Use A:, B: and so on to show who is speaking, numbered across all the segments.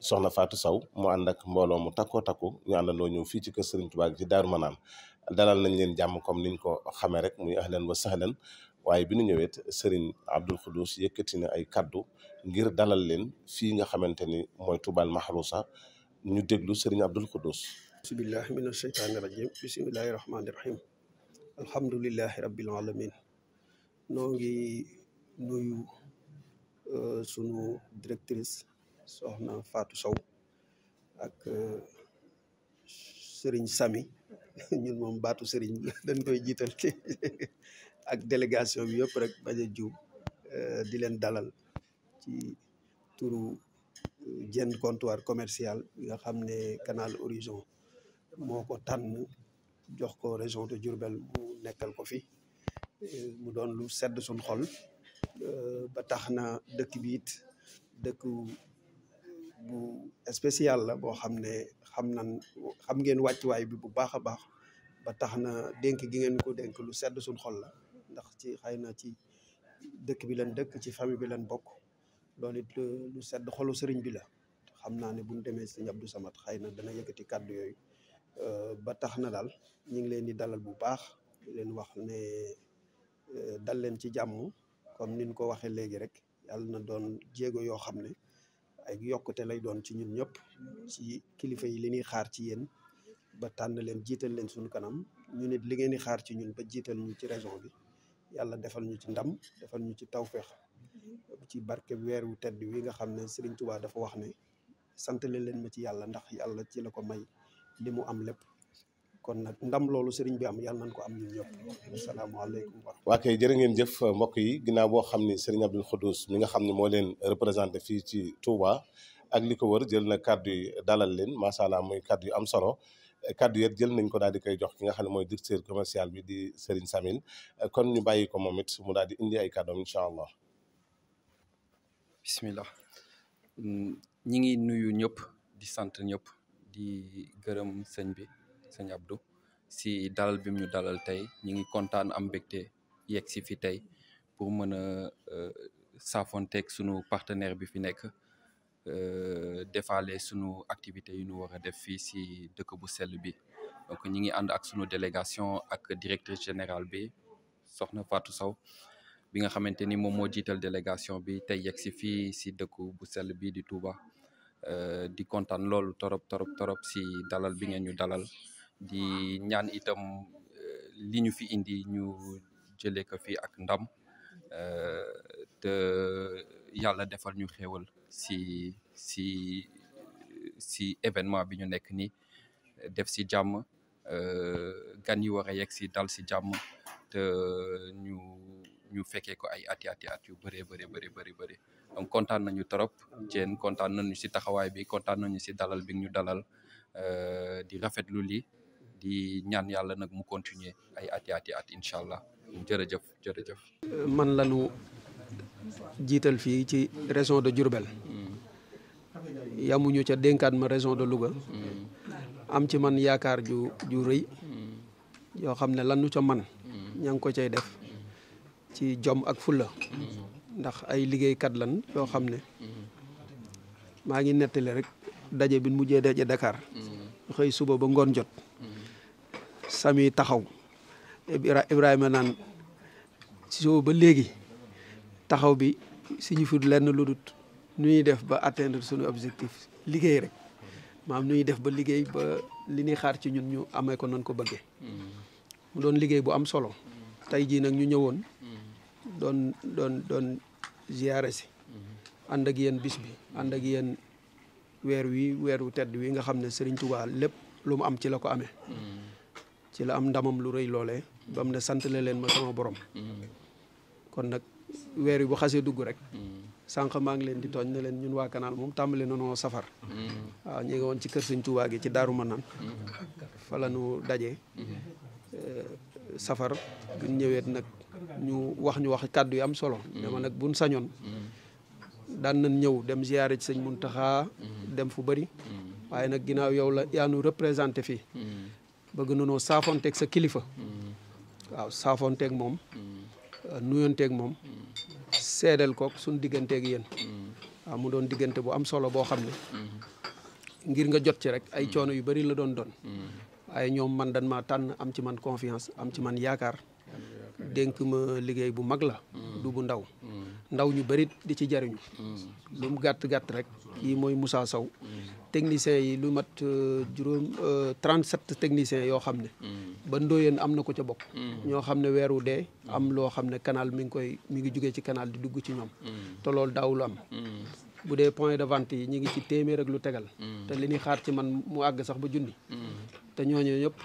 A: soxna Fatou saw mu ànd ak mbooloo mu takkoo takku ñu àndandoo ñëw fii ci kër Serigne Touba gi ci ma naan dalal nañ leen jàmm comme niñ ko xamee rek muy ahlan wa sahlan waaye bi nu ñëwet Serigne Abdoul Khoudous yëkkati na ay kaddu ngir dalal leen fii nga xamante ni mooy Toubaal Mahrousa ñu déglu Serigne Abdoul Khoudous
B: bismillahi min asheytaani rajim bismillahi rahmaani rahim alhamdulillahi rabbil alamin noo ngi nuyu euh, sunu directrice soxna Fatou Sow ak euh, sëriñ Sami ñun moom baatu Serigne dañ koy jiital ak délégation bi yëpp rek ba a juum euh, di leen dalal ci turu jenn euh, comptoir commercial nga xam ne Canal Horizon moo ko tànn jox ko région de Diourbel mu nekkal ko fi mu doon lu sedd suñ xol ba tax na dëkk bi dëkku bu spécial la boo xam ne xam nan xam ngeen wàccuwaay bi bu baax a baax ba tax na dénk gi ngeen ko dénk lu sedd suñ xol la ndax ci xay na ci dëkk bi leen dëkk ci famille bi leen bokk loolu it lu sedd xolu sëriñ bi la xam naa ne bu demee sëriñ Abdou Samad xëy na dana yëkkati kàddu yooyu euh, ba tax na daal ñu ngi leen di dalal bu baax di leen wax ne euh, dal leen ci jàmm comme ni ko waxee léegi rek yàlla na doon jéego yoo xam ne ay yokkute lay doon ci ñun ñëpp ci kilifa yi li ñuy xaar ci yéen ba tànn leen jiital leen suñu kanam ñu nit li ngeen di xaar ci ñun ba jiital ñu ci région bi yàlla defal ñu ci ndam defal ñu ci tawféex ci barke weer wu tedd wi nga xam ne Serigne Touba dafa wax ne sant leen ma ci yàlla ndax yàlla ci la ko may li mu am lépp kon nag ndam loolu sëriñ bi am yàlla nañ ko am ñun ñëpp asalaamaaleykum wa
A: waa kay jërë ngeen jëf mbokk yi ginnaaw boo xam ni sëriñ Abdou Khoudous mi nga xam ne moo leen représenté fii ci Touba ak li ko wër jël na kàddu yi dalal leen macha allah muy yu am solo kàddu yet jël nañ ko daal di koy jox ki nga xam ne mooy directeur commercial bi di sëriñ Samine kon ñu bàyyi ko moom it mu daal di indi ay kàddoom incha
C: allah bismillah ñi ngi nuyu ñëpp di sant ñëpp di gërëm sëñ bi sëñ Abdou si dalal bi dalal tey ñu ngi kontaan am mbégte yegg si fi tey pour mën a euh, saafonteeg sunu partenaire bi fi nekk euh, defaale sunu activité yu ñu war a def fii si dëkk bu sell bi donc ñu ngi ànd ak sunu délégation ak directrice générale bi soxna Fatou Sow bi nga xamante ni moom moo jiital délégation bi tey yegg si fii si dëkku bu sell bi di Touba euh, di kontaan loolu torop torop torop si dalal bi ngeen ñu dalal di ñaan itam eh, li ñu fi indi ñu jëlee ko fii ak ndam eh, te yàlla defal ñu xéewal si si si événement bi ñu nekk ni def si jàmm eh, gan yi war a yegg si dal si jàmm te ñu ñu fekkee ko ay ati ati at yu bëree bëri bëri bëri bëri donc kontaan nañu trop Diène kontaan nañu si taxawaay bi kontaan nañu si dalal bi ñu dalal di rafetlu li di ñaan yàlla nag mu continuer ay ati ati at incha allah jërëjëf jërëjëf. man lañu
B: jiital fii ci région de Diourbel. Hmm. yamuñu ca dénkaat ma région de Louga. Hmm. am ci man yaakaar ju ju rëy. Hmm. yoo xam ne lanu ca man ña ngi ko cay def. ci jom ak fulla. ndax ay liggéeykat lan yoo xam ne. maa ngi nettale rek daje bi mujjee daje Dakar. xëy suba ba ngoon jot. sami taxaw Ibrahima naan soo ba léegi taxaw bi suñu fi lenn lu dut nu ñuy def ba atteindre sunu objectif liggéey rek maam nu ñuy def ba liggéey ba li ñuy xaar ci ñun ñu amee ko noonu ko bëggee mu doon liggéey bu am solo tey jii nag ñu ñëwoon doon doon doon ziyaare si ànd ak yéen bis bi ànd ak yenn weer wi weeru tedd wi nga xam ne sëriñ Touba lépp lu mu am ci la ko amee ci la am ndamam lu rëy loole ba mu ne sant leen ma sama borom kon nag weer wi bu xasee dugg rek sànq maa ngi leen di tooñ ne leen ñun waa Canal moom tàmbali nanoo safar waaw ñu ngi woon ci kër sañ Tuubaa gi ci Daaru Manaan fa la ñu daje safar bu ñëweet nag ñu wax ñu wax kàddu yi am solo dama nag buñ sañoon daan nañ ñëw dem ziyaare ci sëñ Muntaxa dem fu bëri waaye nag ginnaaw yow la yaa nu représenté fii bëgg na noo saafoonteeg sa kilifa. Mm-hmm. waaw saafoonteeg moom. Mm-hmm. Euh, nuyonteeg moom. Mm-hmm. seedeel kook suñu digganteeg yéen. waaw mu doon diggante bu am solo boo xam ne. ngir nga jot ci rek ay coono yu bari la doon doon. waaye ñoom man dan ma tànn am ci man confiance am ci man yaakaar. dénk ma liggéey bu mag la. du bu ndaw. ndaw ñu bëri di ci jariñu mm. lu mu gàtt gàtt rek kii mooy Moussa Sow mm. techniciens yi lu mat euh, euh, trent 37 techniciens yoo xam ne mm. ba ndóoyeen am na ko ca bokk ñoo xam ne weeru dee am loo xam ne canal mi ngi koy mi ngi jugee ci kanaal di dugg ci ñoom te loolu daawul am bu dee point de vente yi ñu ngi ci téeméer ak lu tegal te li ñuy xaar ci man mu àgg sax ba junni te ñooñu ñëpp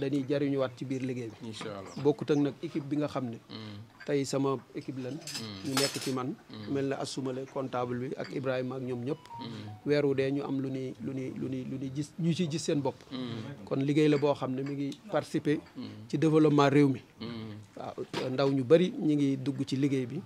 B: dañuy jariñu waat ci biir liggéey bi incha allah bokkut ak nag équipe bi nga xam ne mm. tey sama équipe lan mm. ñu nekk ci man mm. mel na assumale comptable bi ak Ibrahima ak ñoom ñëpp weer wu dee ñu am lu ni lu ni lu ni lu ni gis ñu ciy gis seen bopp kon liggéey la boo xam ne mi ngi participer ci développement réew mi waaw ndaw ñu bari ñi ngi dugg ci liggéey bi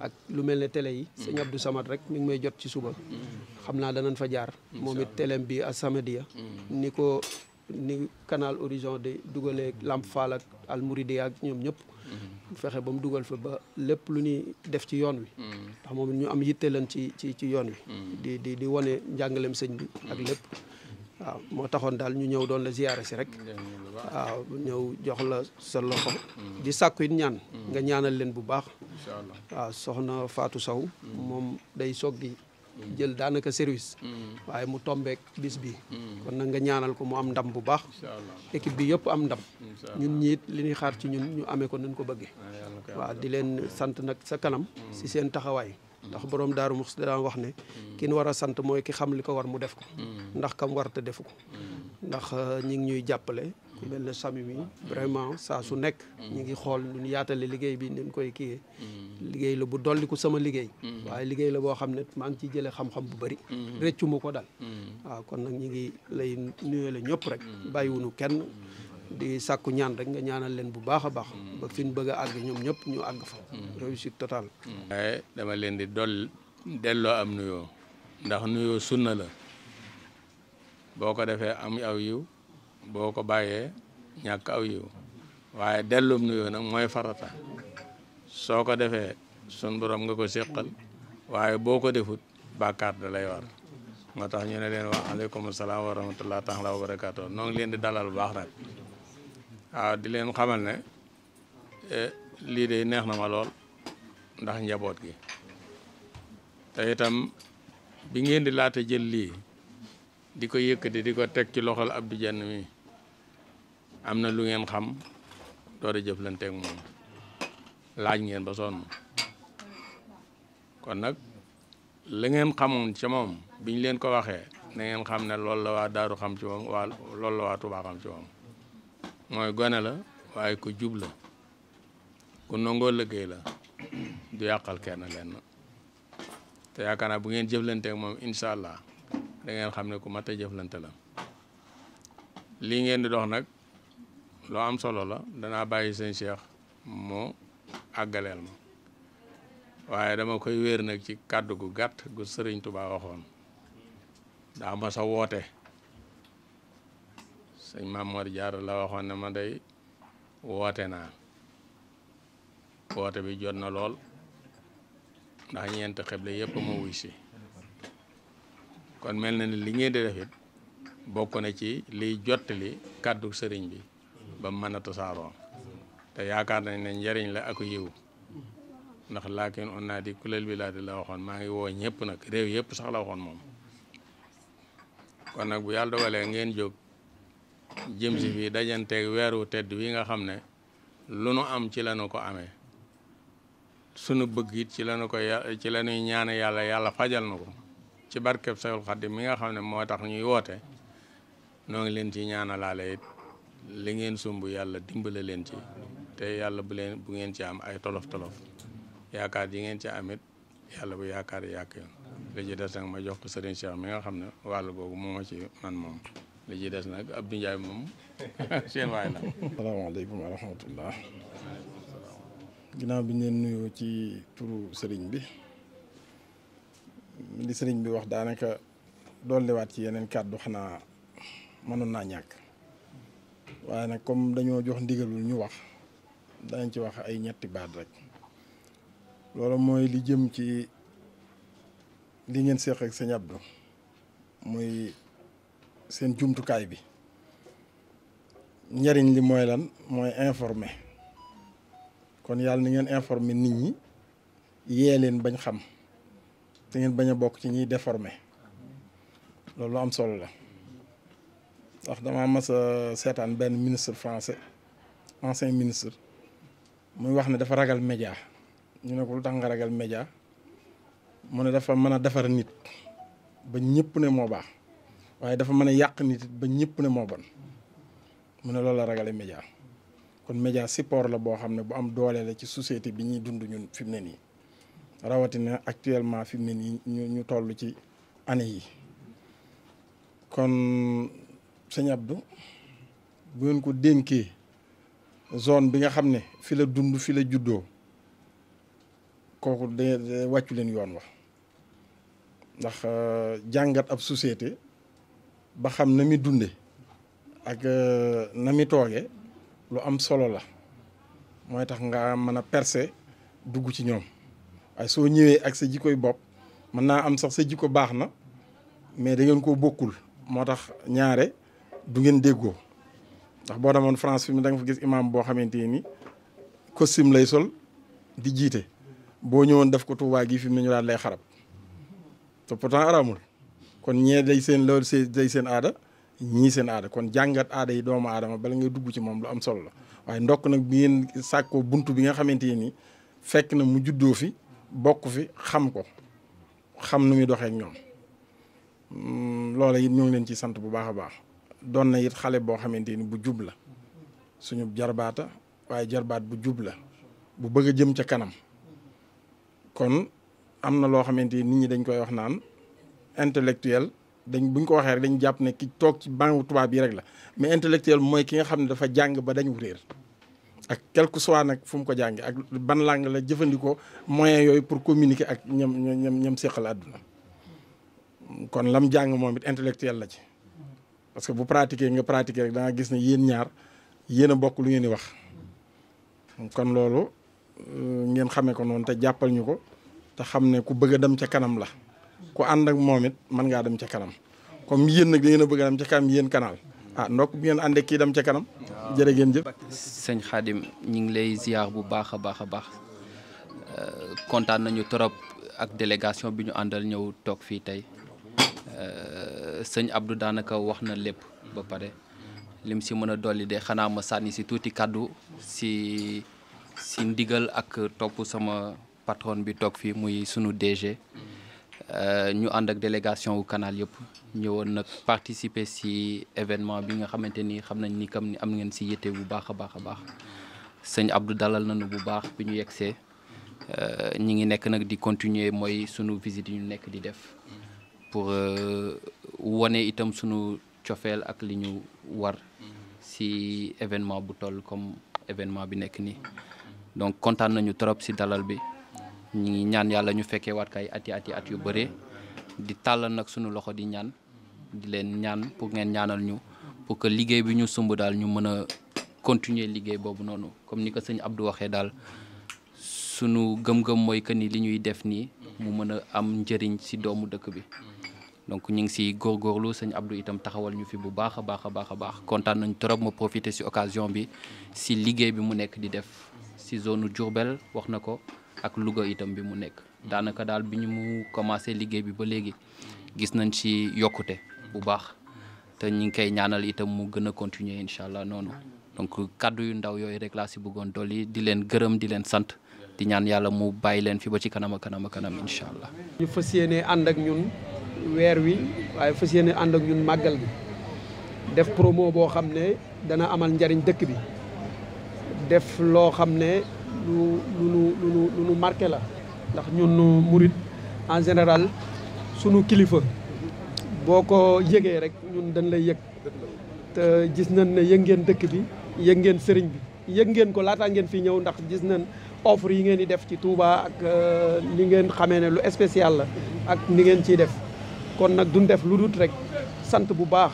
B: ak lu mel ne tele yi sëñ du Samad rek mi ngi may jot ci suba xam naa danañ fa jaar moom it télém bi ak samedi ya ni ko ni canal horizon de dugalee Lamp Fall ak Almouridi ak ñoom ñëpp. Mhm. fexe ba mu dugal fa ba lépp lu ñuy def ci yoon wi. Mhm. ndax moom ñu am yitte lan ci ci ci yoon wi. Mhm. di di di wane njàngaleem sëñ bi ak lépp. waaw moo taxoon daal ñu ñëw doon la ziyaare si rek waaw ñëw jox la sa loxo di sàkku it ñaan nga ñaanal leen bu baax waaw soxna faatu Sow moom day soggi jël daanaka service. Mm. waaye mu tombeek bis bi. Mm. kon nag nga ñaanal ko mu am ndam bu baax. équipe bi yëpp am ndam. ñun ñiit li ñuy xaar ci ñun ñu amee ko nañ ko bëggee. Ah, waaw di leen sant nag sa kanam. Mm. si seen taxawaay. ndax borom daaru mux daan wax ne ki ñu war a sant mooy ki xam li ko war mu def ko ndax kam war te defu ko ndax euh, ñi ngi ñuy jàppale mel ne sami mi vraiment saa su nekk ñu ngi xool ñu yaatale liggéey bi ni koy kiiyee mm. liggéey la bu dolli ko sama liggéey mm. waaye liggéey la boo xam ne maa ngi ciy jëlee xam-xam bu bari mm. réccu ma ko dal waaw kon nag ñu ngi lay nuyoo la ñëpp rek bàyyiwunu kenn di sàkku ñaan rek nga ñaanal leen bu baax a baax ba fi ñu bëgg a àgg ñoom ñëpp ñu àgg fa réussite totale
D: waaye eh, dama leen di doll delloo am nuyoo ndax nuyoo sunna la boo ko defee am aw yiw boo ko bàyyee ñàkk aw yiw waaye dellum nuyoo nag mooy farata soo ko defee sun boroom nga ko séqal waaye boo ko defut bàkkaar da lay war moo tax ñu ne leen wax aleykum salaam wa rahmatullah taala wa barakaatu noo ngi leen di dalal bu baax nag waaw di leen xamal ne e, lii de neex na ma lool ndax njaboot gi te itam bi ngeen di laata jël lii di ko yëkkati di ko teg ci loxol Abdou Dieng mi am na lu ngeen xam door a jëflanteeg moom laaj ngeen ba sonn kon nag la ngeen xamoon ci moom biñ leen ko waxee na ngeen xam ne loolu la waa daaru xam ci moom waa loolu la waa Tuubaa xam ci moom mooy gone la waaye ko jub la ku nangoo liggéey la du yàqal kenn lenn te yaakaar naa bu ngeen jëflanteeg moom incha allah da ngeen xam ne ku mat a jëflante la lii ngeen di dox nag loo am solo la danaa bàyyi sëñ Cheikh mu àggaleel ma waaye dama koy wéer nag ci kàddu gu gàtt gu sëriñ Touba waxoon daa ma sa woote sëñ Mamoor Jaara la waxoon ne ma day woote naa woote bi jot na lool ndax ñeent xeble yëpp ma wuy si kon mel na ni li ngeen di def bokk na ci liy jottali kàddu sëriñ bi ba mën a tasaaroo te yaakaar nañ ne njariñ la ak yiw ndax laakin on naa di kulal bi laa di la waxoon maa ngi woo ñëpp nag réew yëpp sax la waxoon moom kon nag bu yàlla dogalee ngeen jóg jëm si fii dajanteeg weeru tedd wi nga xam ne lu nu am ci la nu ko amee sunu bëgg it ci la nu ko ci la ñuy ñaan yàlla yàlla fajal na ko ci barkeb Sayul Xaddim mi nga xam ne moo tax ñuy woote noo ngi leen ci ñaanalaale it li ngeen sumb yàlla dimbale leen ci te yàlla bu leen bu ngeen ci am ay tolof tolof yaakaar yi ngeen ci amit yàlla bu yaakaar yàq yoon li des nag ma jox ko sëriñ Cheikh mi nga xam ne wàll googu moo ma ci man moom li des nag Abdou Ndiaye moom seen waay la.
E: salaamaaleykum wa rahmatullah ginnaaw bi ñu leen ci turu sëriñ bi li sëriñ bi wax daanaka dolliwaat ci yeneen kàddu xanaa mënoon naa ñàkk. waaye nag comme dañoo jox ndigalul ñu wax danañ ci wax ay ñetti baat rek loolu mooy li jëm ci li ngeen seq ak sëñ Abdou muy seen jumtukaay bi njariñ li mooy lan mooy informer kon yàlla ni ngeen informer nit ñi yee leen bañ xam te ngeen bañ a bokk ci ñiy deforme loolu am solo la ndax dama mas seetaan benn ministre français ancien ministre muy wax ne dafa ragal média ñu ne ko lu tax nga ragal média mu ne dafa mën a defar nit ba ñëpp ne moo baax waaye dafa mën a yàq nit ba ñëpp ne moo bon mu ne loolu la ragale média kon média support la boo xam ne bu am doole la ci société bi ñuy dund ñun fi mu ne nii rawatina actuellement fim ne nii ñu ñu tollu ci année yi kon sëñ Abdou bu ngeen ko dénkee zone bi nga xam ne fi la dund fi la juddoo kooku de wàccu leen yoon wa ndax euh, jàngat ab societé ba xam na mi dunde ak euh, na mi tooge lu am solo la mooy tax nga mën a percer dugg ci ñoom waaye soo ñëwee ak sa jikkoy bopp mën naa am sax sa jikko baax na mais da ngeen koo bokkul moo tax ñaare du ngeen déggoo ndax boo demoon France fi mu da nga fa gis imam boo xamante ni costume lay sol di jiite boo ñëwoon def ko Tuubaa gi fi mu ne ñu daal lay xarab te pourtant araamul kon ñee day seen loolu see day seen aada ñii seen aada kon jàngat aada yi doomu aadama bala ngay dugg ci moom lu am solo la waaye ndokk nag bi ngeen sàkkoo bunt bi nga xamante nii fekk na mu juddoo fi bokk fi xam ko xam nu muy doxee ñoom hmm, loola it ñoo leen ci sant bu baax a baax doon na it xale boo xamante ni bu jub la suñu jarbaata waaye jarbaat bu jub la bu bëgg a jëm ca kanam kon am na loo xamante ni nit ñi dañ koy wax naan intellectuel dañ buñ ko waxee rek dañ jàpp ne ki toog ci banque tubaab yi rek la mais intellectuel mooy ki nga xam ne dafa jàng ba dañu réer ak quelque soit nag fu mu ko jàngee ak ban langue la jëfandikoo moyen yooyu pour communiquer ak ñam ñam ñam seqal àdduna kon lam jàng moom it intellectuel la ci. parce que bu pratiquer nga pratiquer rek danga gis ne yéen ñaar yéen a bokk lu ngeen wax kon loolu euh, ngeen xamee ko noonu te jàppal ñu ko te xam ne ku bëgg a dem ca kanam la ku ànd ak moom it mën ngaa dem ca kanam comme yéen nag da ngeen a bëgg a dem ca kanam yéen canal ah ndokk bi ngeen àndee kii dem ca kanam jërë ngeen jëf
F: sëñ Xaadim ñu ngi lay ziar bu baax a baax a baax euh, kontaan nañu trop ak délégation bi ñu àndal ñëw toog fii tey Euh, sëñ Abdou daanaka wax na lépp ba pare lim si mën a dolli de xanaa ma sànni si tuuti kàddu si si ndigal ak topp sama patron bi toog fii muy sunu DG euh, ñu ànd ak délégation kanaal canal yëpp ñëwoon nag participer si événement bi nga xamante ni xam nañ ni kam ni am ngeen si yitte bu baax a baax a baax sëñ Abdou dalal nañu bu baax bi ñu yegsee euh, ñi ngi nekk nag di continuer mooy sunu visite yu ñu nekk di def. pour euh, wane itam sunu cofeel ak li ñu war si événement bu toll comme événement bi nekk nii donc kontaan nañu trop si dalal bi ñu ngi ñaan yàlla ñu fekkee waat kay ati ati at yu bëree di tàllal nag sunu loxo di ñaan di leen ñaan pour ngeen ñaanal ñu pour que liggéey bi ñu sumb daal ñu mën a continuer liggéey boobu noonu comme ni ko sëñ Abdou waxee daal sunu gëm-gëm mooy que ni li ñuy def nii mu mën a am njëriñ si doomu dëkk bi donc ñu ngi si góorgóorlu sëñ Abdou itam taxawal ñu fi bu baax a baax a baax a baax kontaan nañ trop ma profité si occasion bi si liggéey bi mu nekk di def si zone Diourbel wax na ko ak Louga itam bi mu nekk daanaka daal bi ñu mu commencé liggéey bi ba léegi gis nañ si yokkute bu baax te ñu ngi koy ñaanal itam mu gën a continuer incha allah noonu donc kàddu yu ndaw yooyu rek laa si bëggoon dolli di leen gërëm di leen sant di ñaan yàlla mu bàyyi leen fi ba ci kanam a kanam a kanam allah.
B: ñu fas yéene ànd ak ñun weer wi waaye fas yéene ànd ak ñun màggal gi def promo boo xam ne dana amal njariñ dëkk bi def loo xam ne lu lu lu lu lu marqué la. ndax ñun murit en général sunu kilifa boo ko yëgee rek ñun dañ lay yëg te gis nan ne yëg ngeen dëkk bi yég ngeen sëriñ bi yëg ngeen ko laataa ngeen fi ñëw ndax gis nañ. offre yi ngeen di def ci Touba ak li euh, ngeen xamee ne lu spécial la ak ni ngeen ciy def kon nag duñ def lu dut rek sant bu baax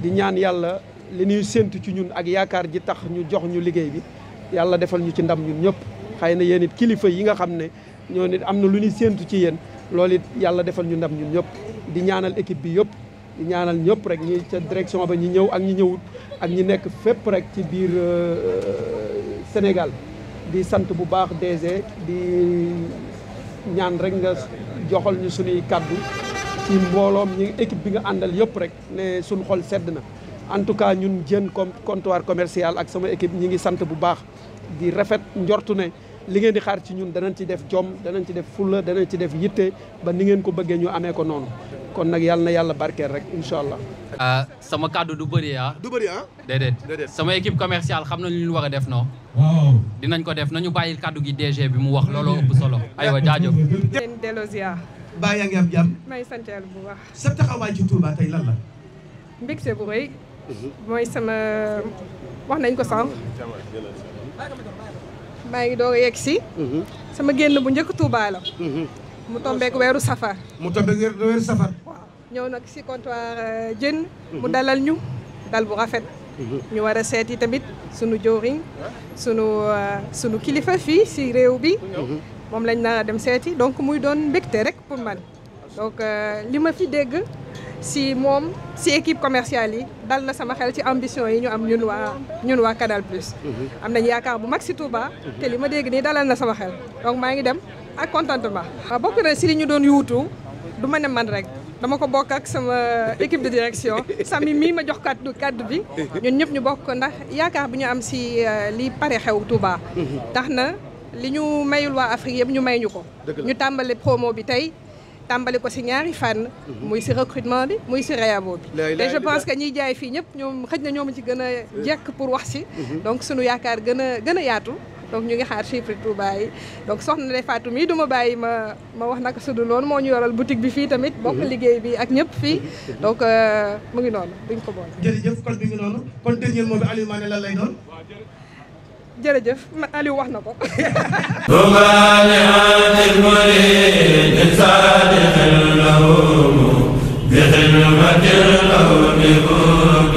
B: di ñaan yàlla li ñuy séentu ci ñun ak yaakaar ji tax ñu jox ñu liggéey bi yàlla defal ñu ci ndam ñun ñëpp xëy na yéen it kilifa yi nga xam ne ñoo nit am na lu ñuy séentu ci yéen loolu it yàlla defal ñu ndam ñun ñëpp di ñaanal équipe bi yëpp di ñaanal ñëpp rek ñi ca direction ba ñi ñëw ak ñi ñëwut ak ñi nekk fépp rek ci biir euh, Sénégal di sant bu baax DG di ñaan rek nga joxal ñu suñuy kàddu ci mbooloom ñi équipe bi nga àndal yëpp rek ne suñu xol sedd na en tout cas ñun jën comme comptoir commercial ak sama équipe ñi ngi sant bu baax di rafet njortu ne li ngeen di xaar ci ñun danañ ci def jom danañ ci def fulla danañ ci def yitte ba ni ngeen ko bëggee ñu amee ko noonu kon nag yàlla na yàlla barkeel rek incha allah.
F: Ah, sama kàddu du bëri ah. du bëri ah. déedéet déedéet sama équipe commerciale xam nañu lu ñu a def non. waaw dinañ ko def nañu bàyyi kàddu gi DG bi mu wax looloo ëpp solo aywa jaajëf.
G: seen delloo ziar. baa yaa ngi am may sant bu baax. sa taxawaay ci Touba tey lan la. bu rëy. mooy sama wax nañ ko sànq. maa doog a yegg si. Mhm. sama génn bu njëkk Touba la. Mhm. mu tombeek weeru safar. mu tombeek weeru safar. waaw ñëw nag si comptoir jën. Euh, mu mhm. dalal ñu dal bu rafet. Mhm. ñu war a seeti tamit sunu jëwriñ sunu euh, sunu kilifa fii si réew bi. Mhm. moom lañ naa dem seeti donc muy doon mbégte rek pour man. donc euh, li ma fi dégg si moom si équipe commerciale yi dal na sama xel ci ambition yi ñu am ñun waa ñun waa Plus. am nañ yaakaar bu mag si Touba. te li ma dégg nii dalal na sama xel donc maa ngi dem. ak ah, contentement. waaw ah, bokk na si li ñu doon yuutu du ma ne man rek dama ko bokk ak sama équipe de direction sami mii ma jox kàddu kàddu bi ñun ñëpp ñu bokk ndax yaakaar bi ñu am si euh, li pare xew Touba tax na li ñu mayul waa Afrique yëpp ñu may ñu ko ñu tàmbali promo bi tey tàmbali ko si ñaari fànn mhm. muy si recrutement bi muy si réabo bi te je pense que ñiy jaay fii ñëpp ñoom xëj na ñoom ci gën a jekk pour wax si mhm. donc suñu yaakaar gën a gën a yaatu donc ñu ngi xaar chiffre Touba yi donc soxna Ndeye Fatou mii du ma bàyyi ma ma wax naka sudu noonu moo ñu yoral boutique bi fii tamit bokk mhm. liggéey bi ak ñëpp fii donc euh, mu ngi noonu duñ ko boole jërëjëf kon bi ngi noonu kon dernier mot bi Aliou Mané lan lay doon jërëjëf Aliou wax na ko بخدمة الأول بقرب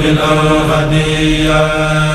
G: أو